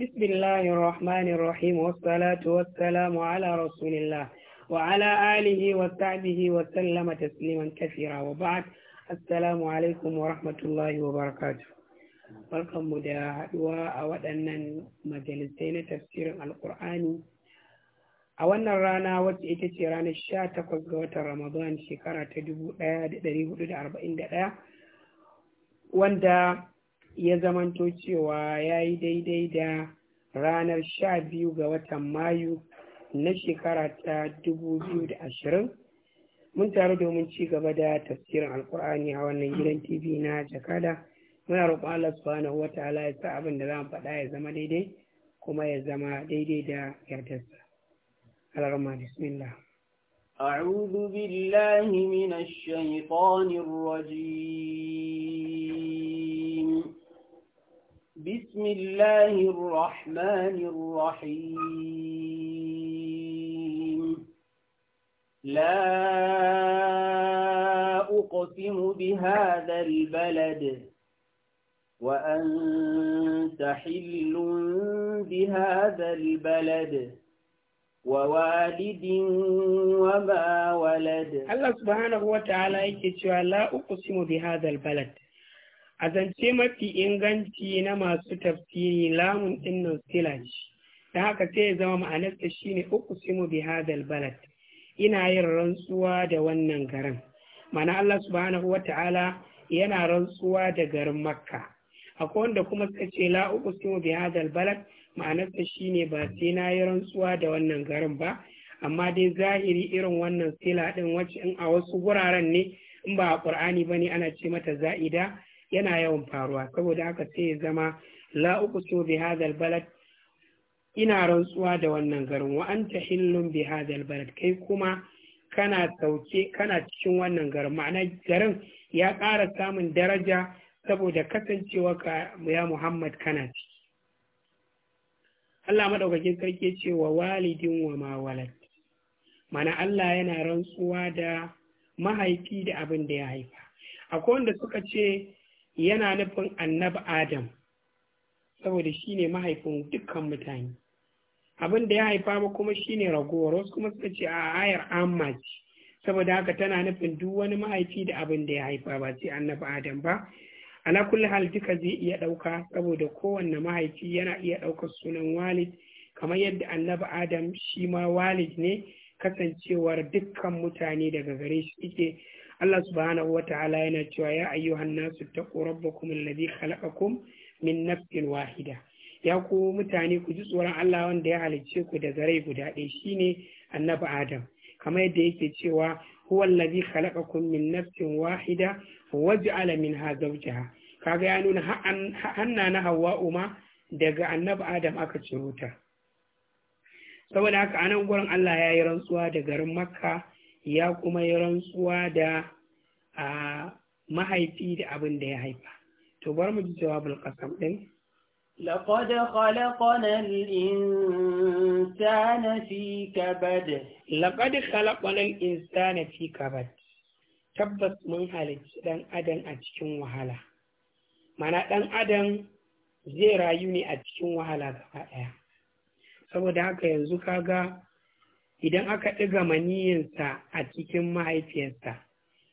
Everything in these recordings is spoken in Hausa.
بسم الله الرحمن الرحيم والصلاة والسلام على رسول الله وعلى آله وصحبه وسلم تسليما كثيرا وبعد السلام عليكم ورحمة الله وبركاته Barkan mu da haɗuwa a waɗannan majalisai na tafsirin alkur'ani a wannan rana wacce ita ce ranar sha takwas ga watan ramadan shekara ta dubu ɗaya da ɗari hudu da arba'in da ɗaya wanda ya zamanto cewa ya yi daidai da ranar sha biyu ga watan mayu na shekara ta dubu da ashirin mun tare domin ci gaba da tafsirin alkur'ani a wannan gidan tv na jakada muna roƙon allah subhanahu wa ta'ala ya sa abin da za mu faɗa ya zama daidai kuma ya zama daidai da yardarsa alarma bismillah أعوذ بالله من الشيطان الرجيم بسم الله الرحمن الرحيم لا أقسم بهذا البلد وأنت حل بهذا البلد ووالد وما ولد الله سبحانه وتعالى يكتب لا أقسم بهذا البلد a zance mafi inganci na masu tafsiri lamun dinnan sila ce da haka sai ya zama ma'anarsa shine uku simu bi hadal balad ina yin rantsuwa da wannan garin mana Allah subhanahu wa ta'ala yana rantsuwa da garin makka akwai wanda kuma suka ce la uku simu bi hadal balad ma'anarsa shine ba sai na yi rantsuwa da wannan garin ba amma dai zahiri irin wannan sila din wacce in a wasu guraren ne in ba a qur'ani bane ana ce mata za'ida yana yawan faruwa saboda haka sai ya zama la so bi hadal balad ina rantsuwa da wannan garin wa anta hillun bi hadal balad kai kuma kana sauke kana cikin wannan garin ma'ana garin ya ƙara samun daraja saboda kasancewa ka ya Muhammad kana ciki Allah madaukakin sarki ce wa walidin wa ma walad mana Allah yana rantsuwa da mahaifi da abin da ya haifa akwai wanda suka ce yana nufin annabi adam saboda shi ne mahaifin dukkan mutane abin da ya haifa ba kuma shi ne ragowar wasu kuma suka ce a ayar amma saboda haka tana nufin duk wani mahaifi da abin da ya haifa ba sai annabi adam ba Ana kulle hal duka zai iya ɗauka saboda kowanne mahaifi yana iya ɗaukar sunan walid kamar yadda annabi adam shi ma walid ne kasancewar dukkan mutane daga gare shi suke Allah subhanahu wa ta'ala yana cewa ya ayyuhan nasu taqu rabbakum alladhi khalaqakum min nafsin wahida ya ku mutane ku ji tsoron Allah wanda ya halicce ku da zarai guda ɗaya shine annabi Adam kamar yadda yake cewa huwa alladhi khalaqakum min nafsin wahida waj'ala minha zawjaha kaga ya nuna hanna na Hawwa'u ma daga annabi Adam aka ciro ta saboda haka anan gurin Allah ya yi rantsuwa daga garin Makka ya kuma yi rantsuwa da mahaifi da abinda ya haifa to bar mu ji jawabul qasam din لقد خلقنا الإنسان في كبد لقد tabbas mun halicci ɗan adam a cikin wahala mana ɗan adam zai rayu ne a cikin wahala gaba ɗaya saboda haka yanzu kaga idan aka ɗiga maniyinsa a cikin mahaifiyarsa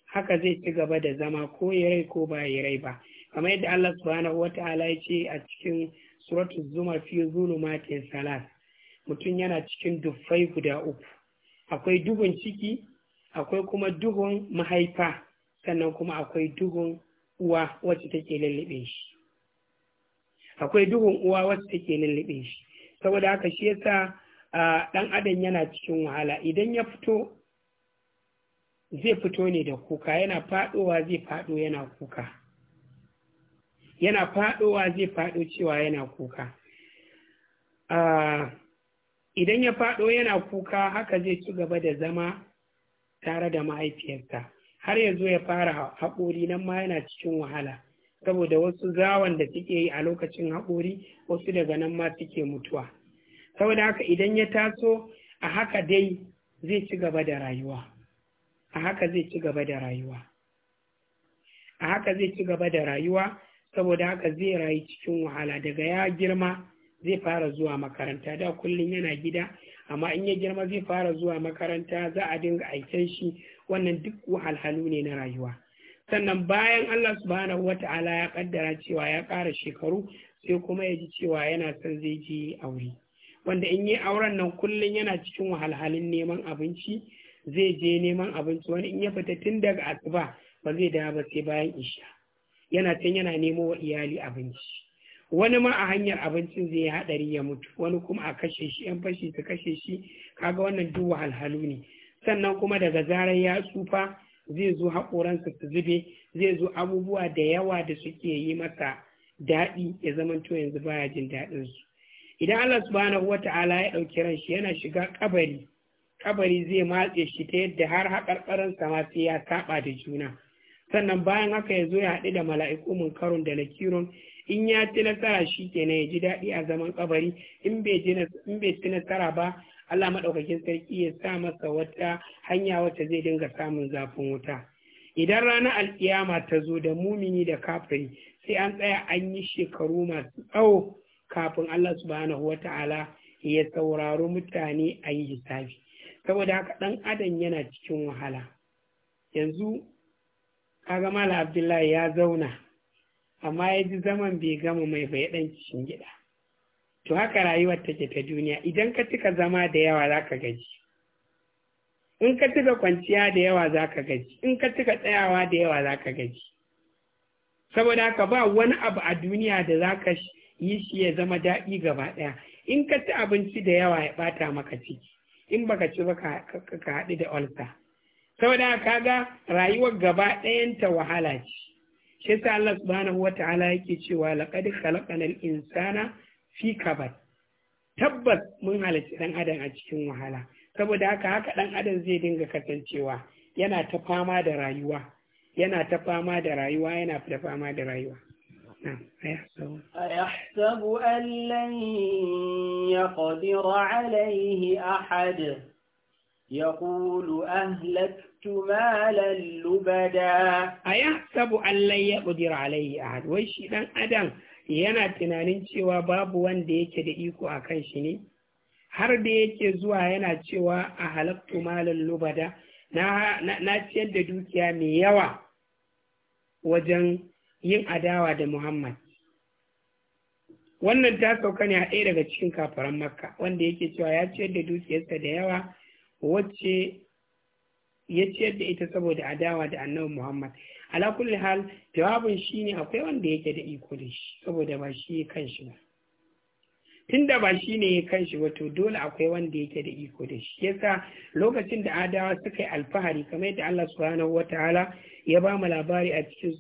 haka zai ci gaba da zama ko ya rai ko ba ya rai ba kamar yadda Allah subhanahu wa ta'ala ya ce a cikin suratu zuma fi zulumatin salas mutum yana cikin duffai guda uku akwai duhun ciki akwai kuma duhun mahaifa sannan kuma akwai duhun uwa wacce take lullube shi akwai duhun uwa wacce take lallaɓe shi saboda haka shi yasa ɗan adam yana cikin wahala idan ya fito zai fito ne da kuka yana faɗowa zai faɗo yana kuka yana faɗowa zai faɗo cewa yana kuka idan ya faɗo yana kuka haka zai ci gaba da zama tare da mahaifiyarsa har yanzu ya fara haƙori nan ma yana cikin wahala saboda wasu gawan da suke yi a lokacin haƙori wasu daga nan ma suke mutuwa saboda haka idan ya taso a haka dai zai ci gaba da rayuwa a haka zai ci gaba da rayuwa a haka zai ci gaba da rayuwa saboda haka zai rayu cikin wahala daga ya girma zai fara zuwa makaranta da kullum yana gida amma in ya girma zai fara zuwa makaranta za a dinga aiken shi wannan duk wahalhalu ne na rayuwa sannan bayan Allah subhanahu wata'ala ya kaddara cewa ya ƙara shekaru sai kuma ya ji cewa yana son zai je aure wanda in yi auren nan kullum yana cikin wahalhalin neman abinci zai je neman abinci wani in ya fita tun daga asuba ba zai dawo ba sai bayan isha yana can yana nemo wa iyali abinci wani ma a hanyar abincin zai haɗari ya mutu wani kuma a kashe shi yan fashi su kashe shi kaga wannan duk wahalhalu ne sannan kuma daga zarar ya tsufa zai zo haƙoransa su zube zai zo abubuwa da yawa da suke yi masa daɗi ya zamanto yanzu baya jin daɗinsu idan Allah subhanahu wa ta'ala ya ɗauki ran shi yana shiga kabari kabari zai matse shi ta yadda har haƙarƙaran sama sai ya saba da juna sannan bayan haka ya zo ya haɗu da mala'iku munkarun da nakirun in ya ci nasara shi kenan ya ji daɗi a zaman kabari in bai ci nasara ba Allah maɗaukakin sarki ya sa masa wata hanya wacce zai dinga samun zafin wuta idan ranar alkiyama ta zo da mumini da kafiri sai an tsaya an yi shekaru masu tsawo kafin Allah subhanahu wa ta'ala ya sauraro mutane a yi hisabi saboda haka ɗan adam yana cikin wahala yanzu kaga mala abdullahi ya zauna amma ya ji zaman bai gama mai bai ɗan cikin gida to haka rayuwar take ta duniya idan ka cika zama da yawa za ka gaji in ka cika kwanciya da yawa za ka gaji in ka cika tsayawa da yawa za ka gaji saboda haka ba wani abu a duniya da za ka yi shi ya zama daɗi gaba ɗaya in ka ci abinci da yawa ya ɓata maka ciki in baka ci ba ka haɗu da olsa saboda ga rayuwar gaba ɗayanta wahala ce shi sa Allah subhanahu wa ta'ala yake cewa laqad khalaqanal insana fi kabad tabbas mun halarci ɗan adam a cikin wahala saboda haka haka ɗan adam zai dinga kasancewa yana ta fama da rayuwa yana ta fama da rayuwa yana ta fama da rayuwa أيحسب أن لن يقدر عليه أحد يقول أهلكت مالا لبدا أيحسب أن لن يقدر عليه أحد ويش إذن أدم yana tunanin cewa babu wanda yake da iko a kan shi ne har da yake zuwa yana cewa a halattu malin lubada na ciyar da dukiya mai yawa wajen yin adawa da Muhammad. Wannan ta sauka ne a ɗaya daga cikin kafaran Makka wanda yake cewa ya ciyar da dukiyarsa da yawa wacce ya ciyar da ita saboda adawa da annabi Muhammad. Ala kulli hal jawabin shi ne akwai wanda yake da iko da shi saboda ba shi kan shi ba. tun da ba shi ne ya kan shi ba to dole akwai wanda yake da iko da shi. Yasa lokacin da adawa suka yi alfahari kamar yadda Allah subhanahu ta'ala ya ba mu labari a cikin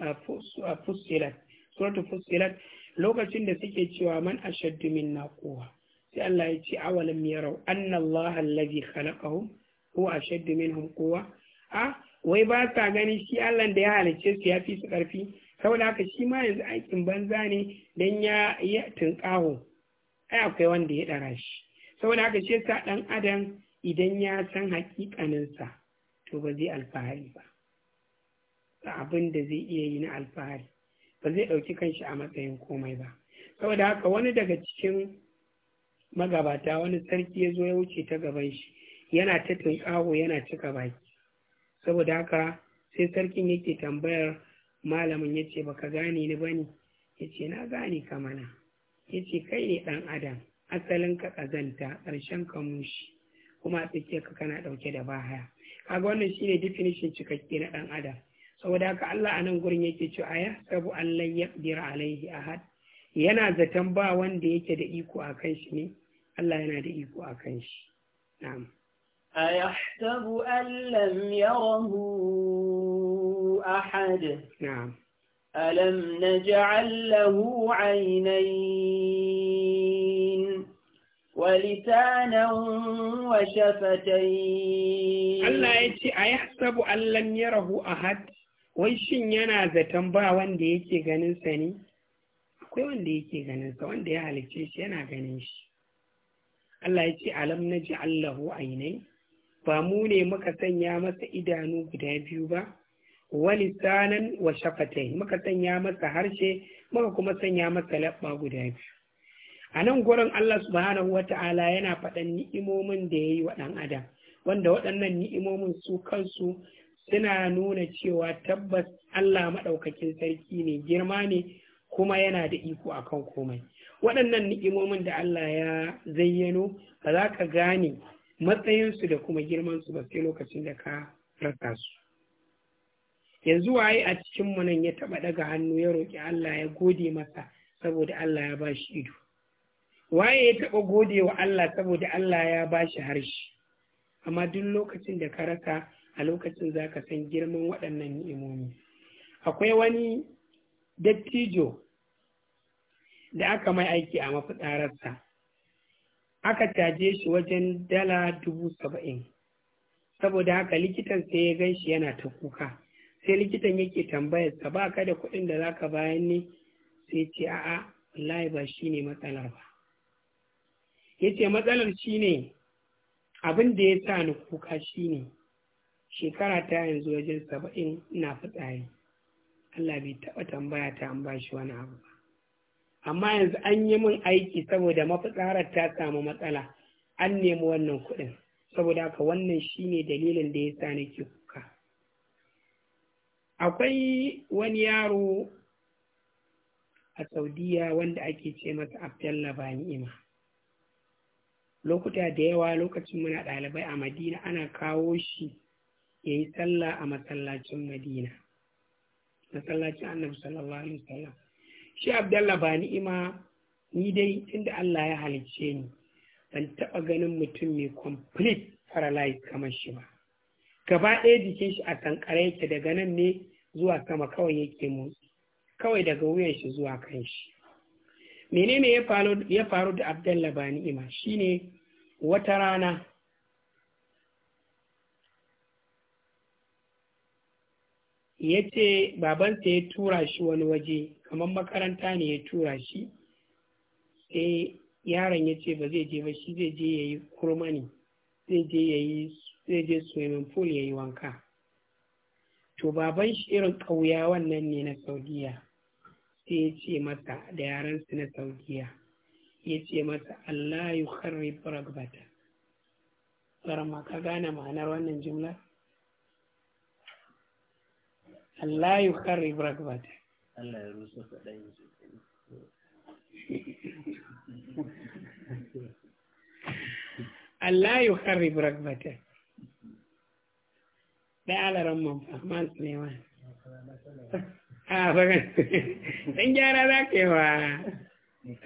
a fusilat suratul fusilat lokacin da suke cewa man ashaddu minna quwwa sai Allah ya ce awalam yarau anna Allah allazi khalaqahum huwa ashaddu minhum quwwa a wai ba sa gani shi Allah da ya halicce su ya fi su karfi saboda haka shi ma yanzu aikin banza ne dan ya ya tunƙaho ai akwai wanda ya dara shi saboda haka shi sa dan adam idan ya san hakikaninsa to ba zai alfahari ba da abin da zai iya yi na alfahari ba zai ɗauki kanshi a matsayin komai ba saboda haka wani daga cikin magabata wani sarki ya zo ya wuce ta gaban shi yana ta tunƙaho yana cika baki saboda haka sai sarkin yake tambayar malamin ya ce baka gane ni ba ne ya ce na gane ka mana ya ce kai ne ɗan adam asalin ka ƙazanta ƙarshen ka mushi kuma a tsakiyar ka kana ɗauke da bahaya kaga wannan shine definition cikakke na ɗan adam saboda haka Allah a nan gurin yake a ya sabu Allah ya dira alaihi ahad yana zaton ba wanda yake da iko a kan shi ne Allah yana da iko a kan shi na'am أيحسب أن لم يره أحد نعم ألم wa له عينين ولسانا وشفتين الله يتي أيحسب أن لم يره أحد wai shin yana zaton ba wanda yake ganin sa ne akwai wanda yake ganinsa, wanda ya halicce shi yana ganin shi Allah ya ce alam naji Allahu ainai ba mu ne muka sanya masa idanu guda biyu ba wani sanan wa shafatai muka sanya masa harshe muka kuma sanya masa labba guda biyu a nan gurin Allah subhanahu wa ta'ala yana faɗan ni'imomin da ya yi wa ɗan adam wanda waɗannan ni'imomin su kansu suna nuna cewa tabbas Allah maɗaukakin sarki ne girma ne kuma yana da iko akan komai waɗannan ni'imomin da Allah ya zayyano ba za ka gane matsayinsu da kuma girmansu ba sai lokacin da ka rasa su yanzu waye a cikinmu nan ya taɓa daga hannu ya roƙi Allah ya gode masa saboda Allah ya ba shi ido waye ya taɓa gode wa Allah saboda Allah ya ba shi harshe amma duk lokacin da ka rasa a lokacin za ka san girman waɗannan ni'imomi akwai wani dattijo da aka mai aiki a mafitsararsa aka caje shi wajen dala dubu saba'in saboda haka likitan sai ya gan shi yana ta kuka sai likitan yake tambayar sa ba ka da kuɗin da za ka bayan ne sai ce a'a wallahi ba shi ne matsalar ba ya ce matsalar shi ne abin da ya sa ni kuka shi ne shekara ta yanzu wajen saba'in na fitsari Allah bai taɓa tambaya ta an bashi wani abu ba amma yanzu an yi min aiki saboda mafitsarar ta samu matsala an nemi wannan kuɗin saboda haka wannan shi ne dalilin da ya sa nake kuka akwai wani yaro a saudiya wanda ake ce masa abdallah ima lokuta da yawa lokacin muna ɗalibai a madina ana kawo shi ya yi sallah a masallacin madina masallacin annabi sallallahu alaihi wasallam shi abdalla ba ni'ima ni dai tunda Allah ya halicce ni ban taɓa ganin mutum mai complete paralyzed kamar shi ba gaba ɗaya jikin shi a sankare yake daga nan ne zuwa sama kawai yake motsi kawai daga wuyan shi zuwa kan shi menene ya faru da abdalla ba ni'ima shine wata rana ya ce babansa ya tura shi wani waje kamar makaranta ne ya tura shi sai yaron ya ce ba zai je ba shi zai je ya yi kurmani zai je ya yi zai je swimming pool ya yi wanka to baban shi irin ƙauya wannan ne na saudiya sai ya ce masa da yaransu na saudiya ya ce masa allah yi karri ka gane ma'anar wannan jimlar? Allah ya kare brakbat Allah ya rusa Allah yi kare brakbat da alaran man a fagan ɗan gyara za ka yi wa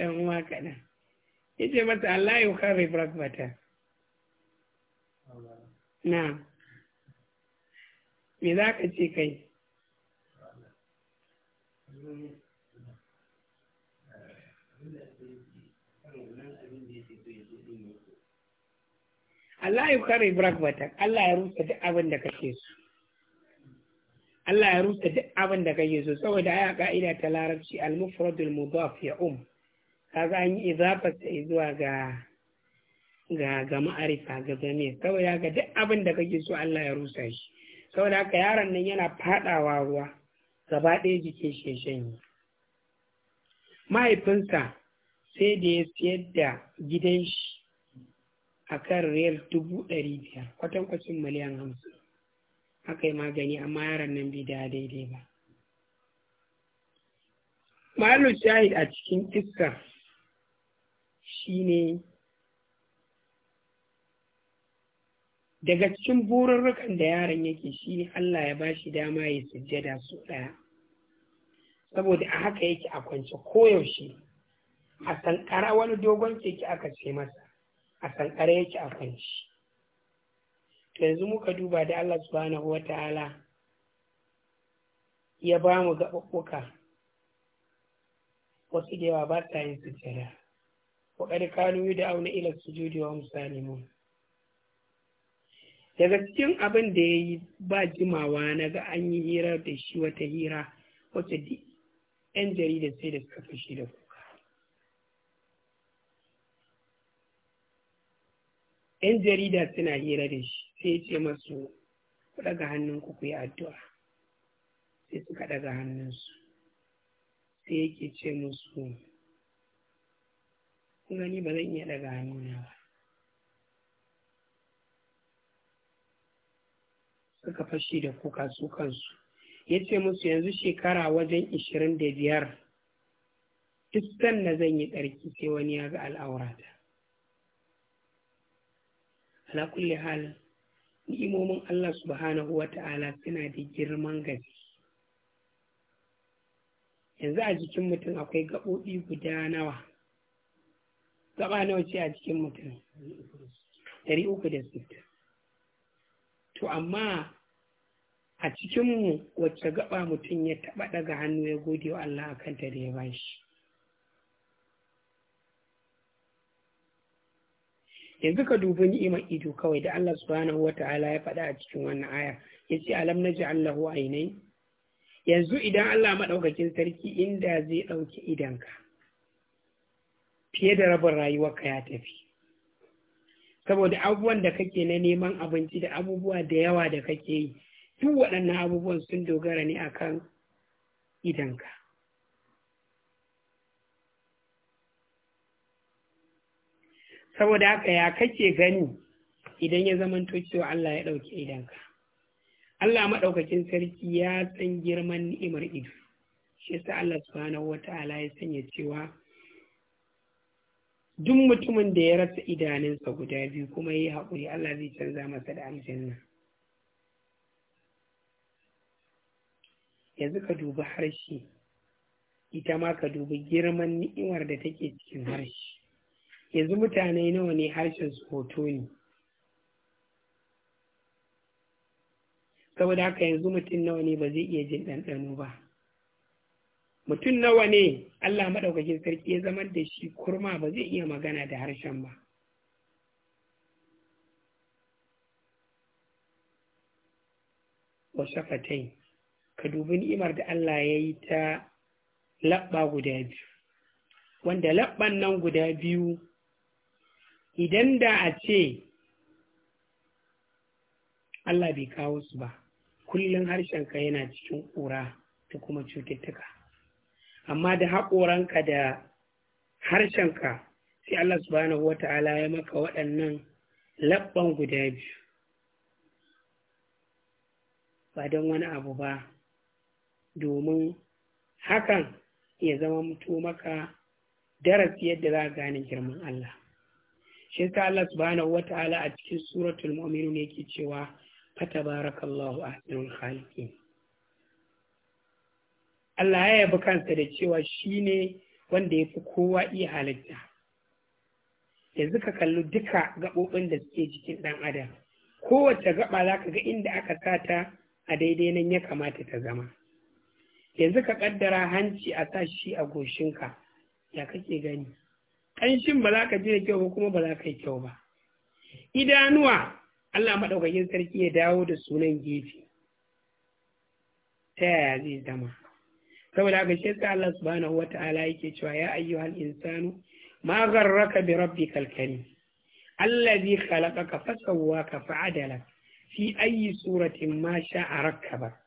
ɗan uwa kaɗan ce mata Allah kare na me za ka ce kai Allah ya kare Bata, Allah ya rusa duk abin da kake so. Allah ya rusa duk abin da kake so, saboda aya ka'ida ta larabci al-mufradul mudaf ya um. Kaga an yi izafa sai zuwa ga ga ma'arifa ga zame, saboda ga duk abin da kake so Allah ya rusa shi. Saboda haka yaron nan yana fadawa ruwa. gaba ɗaya jikin shi shanyi mahaifinsa sai da ya siyar da gidan shi a kan riyal dubu ɗari biyar kwatankwacin miliyan hamsin aka yi magani amma yaran nan bai da daidai ba malu shahid a cikin shi ne. daga cikin bururrukan da yaron yake shi Allah ya bashi dama ya sujjada su ɗaya saboda a haka yake a kwance koyaushe a sankara wani dogon keke aka ce masa a sankara yake a kwance yanzu muka duba da Allah subhanahu wa ta'ala ya ba mu gaɓaɓɓuka wasu da yawa ba sa yin sujjada wa ƙarƙanu da auna ilar sujudi wa musalimun daga cikin abin da ya yi ba jimawa na ga an yi hira da shi wata hira wacce di 'yan jarida sai da suka fashe da kuka yan jarida suna hira da shi sai ce masu ku daga hannun ku ku yi addu'a sai suka daga hannunsu sai yake ce musu gani ba zan iya daga hannuna ba suka fashi da kuka su kansu ya ce musu yanzu shekara wajen ishirin da biyar duk na zan yi tsarki sai wani ya ga al'aurata ala kulli hal ni'imomin Allah subhanahu wa ta'ala suna da girman gaske yanzu a jikin mutum akwai gaɓoɓi guda nawa gaba nawa ce a jikin mutum 360 to amma a cikinmu wacce gaba mutum ya taba daga hannu ya gode wa Allah a kanta da ya bashi yanzu ka dubi ni'imar ido kawai da Allah subhanahu wata'ala ya faɗa a cikin wannan aya ya ce alam na ji Allahu ainai yanzu idan Allah maɗaukakin sarki inda zai ɗauki idanka fiye da rabin rayuwarka ya tafi saboda abubuwan da kake na neman abinci da abubuwa da yawa da kake yi duk waɗannan abubuwan sun dogara ne akan idanka saboda haka ya kake gani idan ya zamanto cewa Allah ya ɗauki idanka Allah maɗaukakin sarki ya san girman ni'imar ido shi sa Allah subhanahu wata'ala ya sanya cewa duk mutumin da ya rasa idanunsa guda biyu kuma ya yi haƙuri Allah zai canza masa da aljanna yanzu ka dubi harshe ita ma ka dubi girman ni'imar da take cikin harshe yanzu mutane nawa ne harshen su hoto ne saboda haka yanzu mutum nawa ne ba zai iya jin ɗanɗano ba mutum nawa ne Allah maɗaukakin sarki ya zama da shi kurma ba zai iya magana da harshen ba Wasu ka dubi ni'imar da Allah ya yi ta labba guda biyu wanda labban nan guda biyu idan da a ce Allah bai kawo su ba kullum harshenka yana cikin ƙura ta kuma cututtuka amma da haƙoranka da harshenka sai Allah subhanahu wata ta'ala ya maka waɗannan labban guda biyu ba don wani abu ba domin hakan ya zama mutu maka darasi yadda za a gane girman Allah shi ta Allah subhanahu ala a cikin suratul ne yake cewa a ahsanul khaliqin Allah ya yabi kansa da cewa shi ne wanda ya fi kowa iya halitta yanzu ka kalli duka gaɓoɓin da suke jikin ɗan adam kowace gaɓa za ka ga inda aka sata a daidai nan ya kamata ta zama yanzu ka kaddara hanci a sa shi a goshinka ya kake gani ƙanshin ba za ka ji da kyau ba kuma ba za ka yi kyau ba idanuwa Allah maɗaukakin sarki ya dawo da sunan gefe ta yaya zai zama saboda haka shi yasa Allah subhanahu wata'ala yake cewa ya ayyuhal insanu ma gharraka bi rabbikal karim allazi khalaqaka fasawwaka fa'adala fi ayyi suratin ma sha'a rakkabak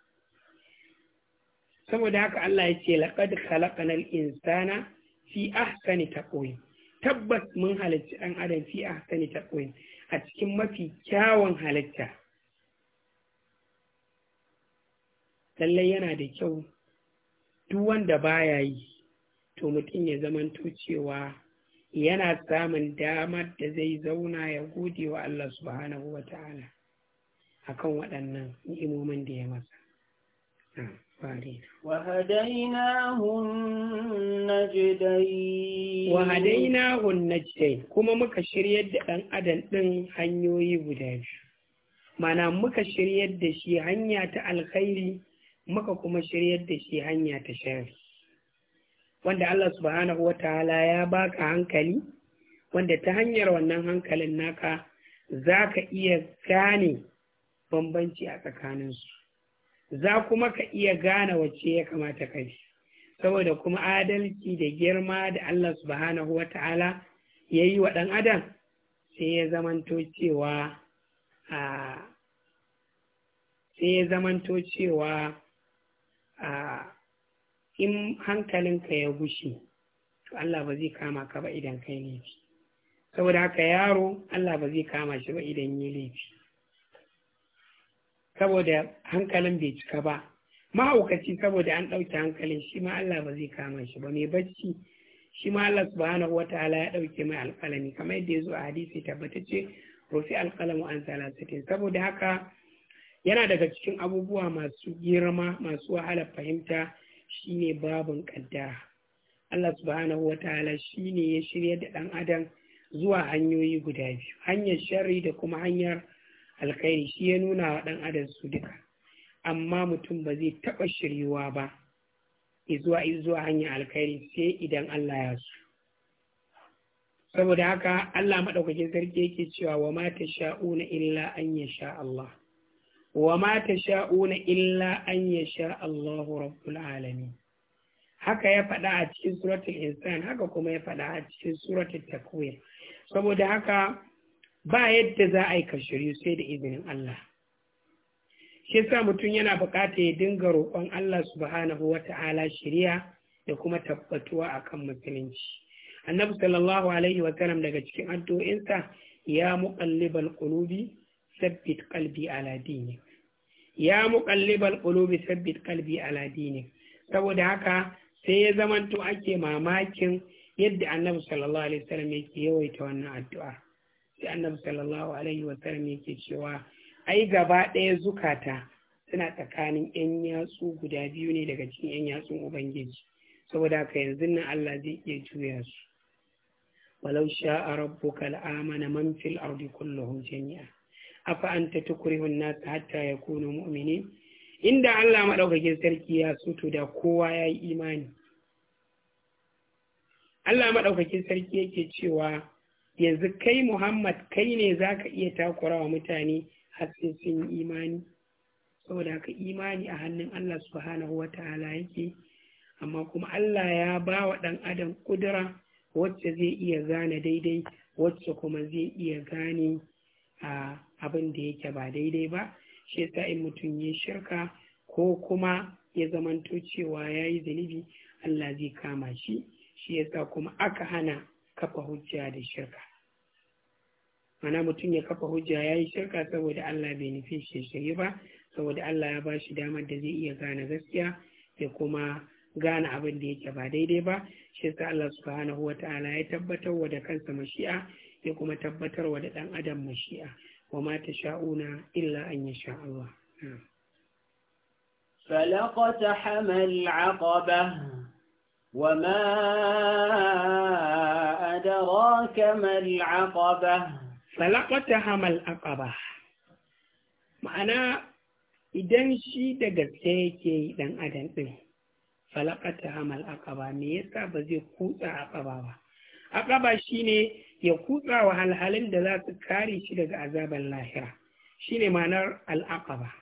saboda haka Allah ya ce laqad khalaqnal insana fi ahsani taqwim tabbas mun halicci ɗan adam fi ahsani taqwim a cikin mafi kyawun halitta lallai yana da kyau duk wanda baya yi to mutum ya zama cewa yana samun damar da zai zauna ya gode wa Allah subhanahu wa ta'ala akan waɗannan ni'imomin da ya masa وهديناه النجدين وهديناه kuma muka shiryar da ɗan adam ɗin hanyoyi guda biyu mana muka shiryar da shi hanya ta alkhairi muka kuma shiryar da shi hanya ta shari wanda Allah subhanahu wa ta'ala ya baka hankali wanda ta hanyar wannan hankalin naka za ka iya gane bambanci a tsakaninsu za kuma ka iya gane wacce ya kamata ka bi saboda kuma adalci da girma da Allah subhanahu wa ta'ala ya yi wa ɗan adam sai ya zamanto cewa sai ya zamanto cewa in hankalinka ya gushi, to Allah ba zai kama ka ba idan kai laifi saboda haka yaro Allah ba zai kama shi ba idan yi laifi saboda hankalin bai cika ba mahaukaci saboda an ɗauke hankalin shi ma Allah ba zai kama shi ba mai bacci shi ma Allah subhanahu wataala ya ɗauke mai alƙalami kamar yadda ya zo a hadisi tabbatacce rufi alƙalamu an salasatin saboda haka yana daga cikin abubuwa masu girma masu wahalar fahimta shine babin ƙadda. Allah subhanahu wataala shine ya shirya da ɗan adam zuwa hanyoyi guda biyu hanyar sharri da kuma hanyar alkhairi shi ya nuna wa ɗan adam su duka amma mutum ba zai taɓa shiryuwa ba izuwa izuwa hanyar alkhairi sai idan Allah ya so saboda haka Allah maɗaukakin sarki yake cewa wa ma sha'una illa an sha Allah wa ma sha'una illa an sha Allahu rabbul alamin haka ya faɗa a cikin suratul insan haka kuma ya faɗa a cikin suratul takwir saboda haka ba yadda za a yi ka shiryu sai da izinin Allah shi sa mutum yana bukata ya dinga roƙon Allah subhanahu wa ta'ala shirya da kuma tabbatuwa a kan musulunci annabi sallallahu alaihi wasallam daga cikin addu'o'insa ya muqallibal ƙulubi sabbit kalbi aladini. ya muqallibal qulubi sabbit kalbi aladini. saboda haka sai ya zamanto ake mamakin yadda annabi sallallahu alaihi wasallam yake yawaita wannan addu'a sai annabi sallallahu alaihi sallam yake cewa ai gaba ɗaya zukata suna tsakanin yan yatsu guda biyu ne daga cikin yan yatsun ubangiji saboda haka yanzu nan Allah zai iya juya su walau sha'a rabbuka al'amana man fil ardi kulluhum jami'a afa anta tukrihu an-nas hatta yakunu mu'minin inda Allah madaukakin sarki ya suto da kowa ya yi imani Allah madaukakin sarki yake cewa yanzu kai Muhammad kai ne za ka iya takura wa mutane har sun yi imani saboda ka imani a hannun Allah subhanahu wa ta'ala yake amma kuma Allah ya ba wa ɗan adam kudura wacce zai iya gane daidai wacce kuma zai iya gane abin da yake ba daidai ba shi yasa in mutum ya shirka ko kuma ya zamanto cewa ya yi zunubi Allah zai kama shi shi yasa kuma aka hana kafa hujja da shirka mana mutum ya kafa hujja ya yi shirka saboda Allah bai nufi shi shirye ba saboda Allah ya ba shi damar da zai iya gane gaskiya ya kuma gane abin da yake ba daidai ba shi sa Allah subhanahu wa ta'ala ya tabbatar wa da kansa mashi'a ya kuma tabbatar wa da dan adam mashi'a wa ma sha'una illa an ya sha Allah حمل العقبة وما أدراك ما العقبة فلقتها ما العقبة ma'ana idan shi da gaske yake yi dan adam din falakata hamal aqaba me yasa ba zai kutsa aqaba ba aqaba shine ya kutsa wa halhalin da za su kare shi daga azaban lahira shine ma'anar al aqaba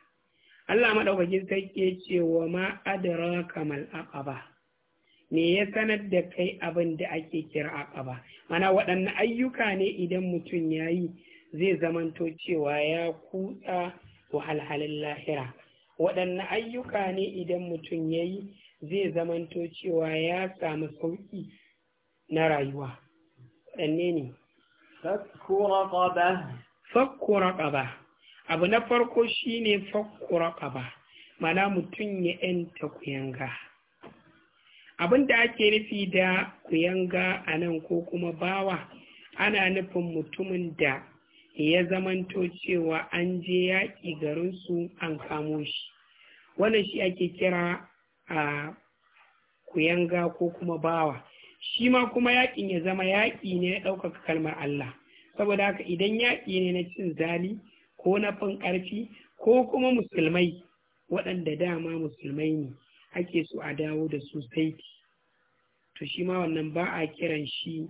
Allah madaukakin sai ke ce wa ma adraka mal aqaba me ya sanar da kai abin da ake kira ƙaba mana waɗanne ayyuka ne idan mutum ya yi zai zamanto cewa ya kutsa wahalhalin lahira waɗanne ayyuka ne idan mutum ya yi zai zamanto cewa ya samu sauƙi na rayuwa waɗanne ne fakkura ƙaba. abu na farko shine fakkura ƙaba mana mutum ya 'yanta kuyanga abin da ake nufi da kuyanga a nan ko kuma bawa ana nufin mutumin da ya zamanto cewa an je yaƙi garinsu an kamo shi wannan shi ake kira a kuyanga ko kuma bawa shi ma kuma yaƙin ya zama yaƙi ne na ɗaukaka kalmar Allah saboda haka idan yaƙi ne na cin zali ko na fin ƙarfi ko kuma musulmai waɗanda dama musulmai ne ake so a dawo da su sai to shi ma wannan ba a kiran shi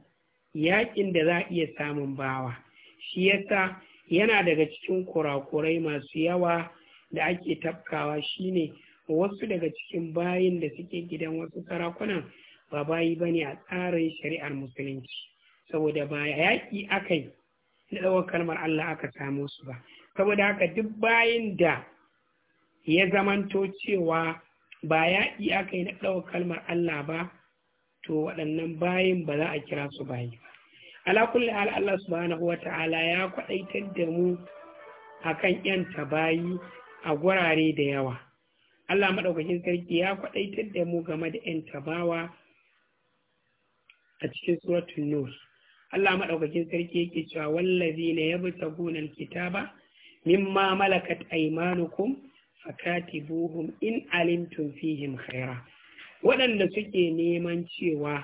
yaƙin da za a iya samun bawa shi yasa yana daga cikin kurakurai masu yawa da ake tafkawa shine wasu daga cikin bayin da suke gidan wasu sarakunan ba bayi ba ne a tsarin shari'ar musulunci saboda ba yaƙi aka yi na tsawon kalmar Allah aka samu su ba saboda haka duk bayin da ya zamanto cewa ba yaƙi aka yi na ɗaukar kalmar Allah ba to waɗannan bayin ba za a kira su bayi ba ala hal Allah subhanahu wa ta'ala ya kwaɗaitar da mu a kan yanta bayi a gurare da yawa Allah maɗaukakin sarki ya kwaɗaitar da mu game da yanta bawa a cikin suratun nur Allah maɗaukakin sarki yake cewa wallazi na ya bi tagunan kitaba mimma malakat aimanukum fakatibuhum in alimtum fihim khaira waɗanda suke neman cewa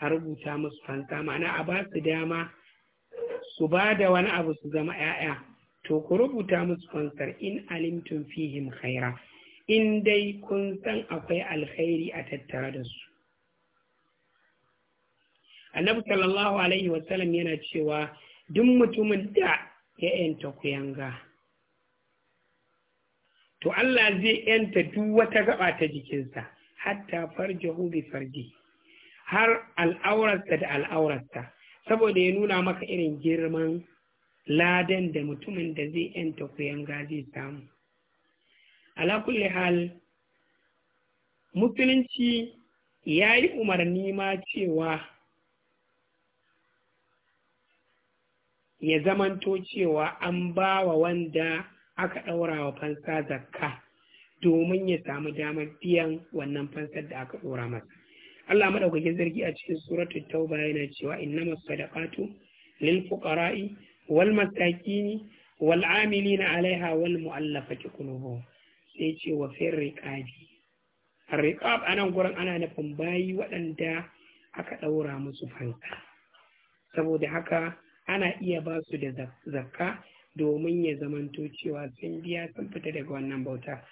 a rubuta musu fanta ma'ana a ba su dama su ba da wani abu su zama 'ya'ya to ku rubuta musu fansar in alimtum fihim khaira in dai kun san akwai alkhairi a tattare da su annabi sallallahu alaihi wasallam yana cewa duk mutumin da ya yanta kuyanga to Allah zai yanta duk wata gaba ta jikinsa hatta farjahu bi farji har al'aurarsa da al'aurarsa saboda ya nuna maka irin girman ladan da mutumin da zai yanta kuyan zai samu ala kulli hal musulunci ya yi umarni ma cewa ya zamanto cewa an ba wa wanda aka ɗaura wa fansa zakka domin ya samu damar biyan wannan fansar da aka ɗora masa Allah maɗaukakin zargi a cikin suratun tauba yana cewa inna ɓatu, lil fuqara'i wal masakini wal amilina 'alaiha wal mu'allafati qulubuhum sai ce wa fir riqabi riqab anan gurin ana nufin bayi waɗanda aka ɗaura musu fansa saboda haka ana iya ba su da zakka domin ya zamanto cewa sun biya sun fita daga wannan bauta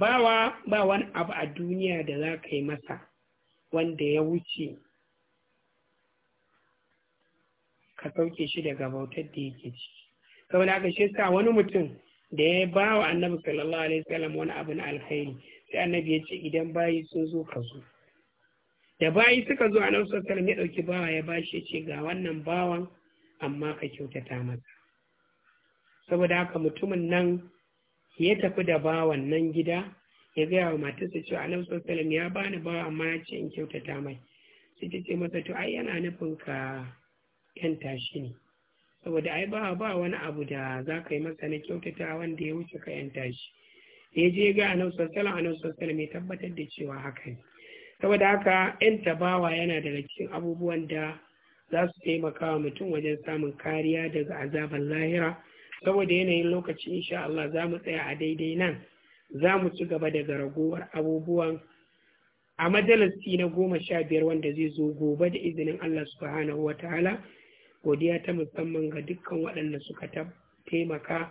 bawa ba wani abu a duniya da za ka yi masa wanda ya wuce ka sauke shi daga bautar da yake ci saboda haka shi sa wani mutum da ya ba wa annabi sallallahu alaihi wasallam wani abin alkhairi sai annabi ya ce idan bayi sun zo ka zo da bayi suka zo a sallallahu alaihi wasallam ya dauki bawa ya bashi ya ce ga wannan bawan amma ka kyautata masa saboda haka mutumin nan ya tafi da bawan nan gida ya gaya wa matarsa cewa annabi sallallahu ya bani bawa amma ya ce in kyautata mai sai ta ce masa to ai yana nufin ka yanta shi ne saboda ai ba ba wani abu da za ka yi masa na kyautata wanda ya wuce ka yanta tashi, ya je ga annabi sallallahu alaihi wasallam ya tabbatar da cewa haka ne saboda haka yanta bawa yana daga cikin abubuwan da za su taimaka wa mutum wajen samun kariya daga azaban lahira saboda yanayin lokaci insha Allah za mu tsaya a daidai nan za mu ci gaba daga ragowar abubuwan a majalisi na goma sha biyar wanda zai zo gobe da izinin Allah subhanahu wa ta'ala godiya ta musamman ga dukkan waɗanda suka taimaka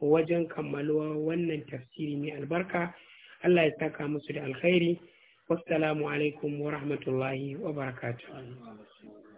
wajen kammaluwa wannan tafsiri mai albarka Allah ya saka musu da alkhairi wassalamu alaikum wa rahmatullahi wa barakatuh